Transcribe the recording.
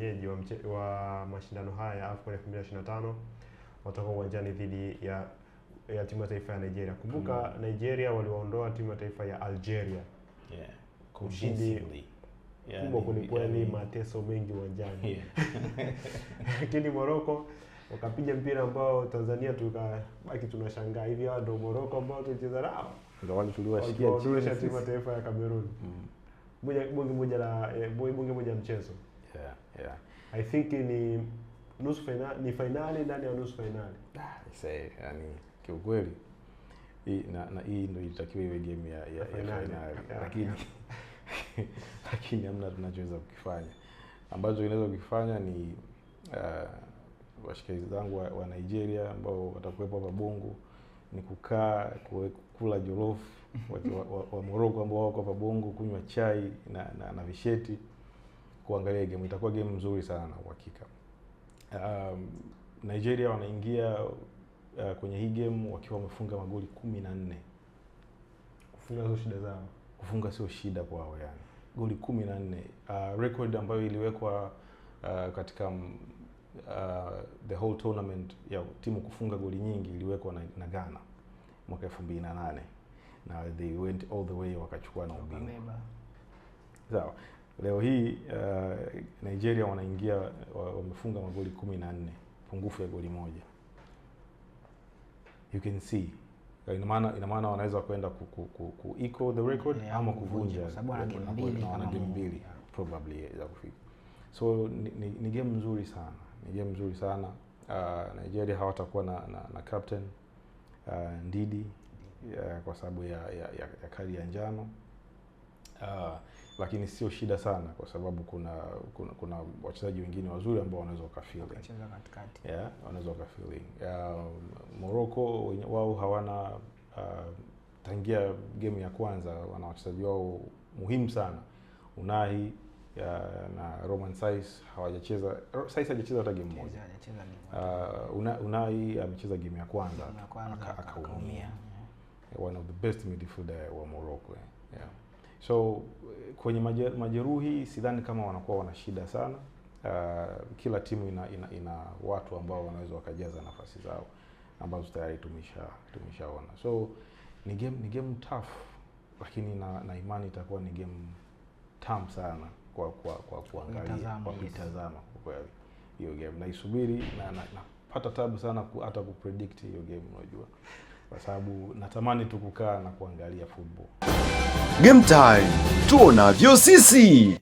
wenyeji wa, mche, wa mashindano haya ya AFCON 2025 watakuwa uwanjani dhidi ya ya timu ya taifa ya Nigeria. Kumbuka mm. Nigeria waliwaondoa timu ya taifa ya Algeria. Yeah. Ushindi kubwa kulikuwa ni mateso mengi uwanjani. Yeah. Lakini Morocco wakapiga mpira ambao Tanzania tukabaki tunashangaa hivi, hawa ndio Morocco ambao tulicheza nao, ndio wale tuliwashikia chini timu ya taifa ya Cameroon. Mm. Bunge moja la eh, bunge moja mchezo. Yeah yeah. I think ni nusu finali, ni fainali ndani ya nusu fainali. Ah, yani kiukweli hii na, na hii ndio ilitakiwa iwe game ya, ya, fainali lakini lakini hamna tunachoweza kukifanya. Ambacho inaweza kukifanya ni uh, washikaji zangu wa, wa Nigeria ambao watakuwepo hapa Bongo ni kukaa kula jorofu wa, wa, wa Moroko ambao wako hapa Bongo, kunywa chai na, na, na visheti kuangalia game. Itakuwa game nzuri sana na uhakika. Um, Nigeria wanaingia uh, kwenye hii game wakiwa wamefunga magoli kumi na nne. Kufunga sio shida zao, kufunga sio shida kwao, yani goli kumi na nne uh, record ambayo iliwekwa uh, katika um, uh, the whole tournament ya timu kufunga goli nyingi iliwekwa na, na Ghana mwaka 2008 na they went all the way wakachukua na ubingwa sawa. Leo hii uh, Nigeria wanaingia wamefunga magoli kumi na nne pungufu ya goli moja. You can see ina maana ina maana wanaweza kwenda ku, ku, ku, ku equal the record mm, yeah, ama kuvunja sababu wana game mbili probably eh, za kufika. So ni, ni, ni game nzuri sana, ni game nzuri sana. Uh, Nigeria hawatakuwa na, na, na captain uh, Ndidi uh, kwa sababu ya, ya, ya, ya kadi ya njano uh, lakini sio shida sana kwa sababu kuna kuna, kuna wachezaji wengine wazuri ambao wanaweza wakafili wakacheza katikati yeah, wanaweza wakafili uh, Morocco wao hawana uh, tangia game ya kwanza wana wachezaji wao muhimu sana Unahi ya, na Roman Saiss hawajacheza. Saiss hajacheza hata game moja. Uh, una, Unai amecheza game ya kwanza akaumia, one of the best midfielder wa Morocco eh. So kwenye majeruhi sidhani kama wanakuwa wana shida sana. Uh, kila timu ina, ina, ina watu ambao wanaweza wakajaza nafasi zao ambazo tayari tumesha tumeshaona. So ni game ni game tough, lakini na, na imani itakuwa ni game tamu sana kwa kwa kwa kuangalia kwa kuitazama kwa kweli hiyo game naisubiri na napata na, tabu sana hata ku, kupredict hiyo game unajua kwa sababu natamani tu kukaa na kuangalia football. Game time tuonavyo sisi.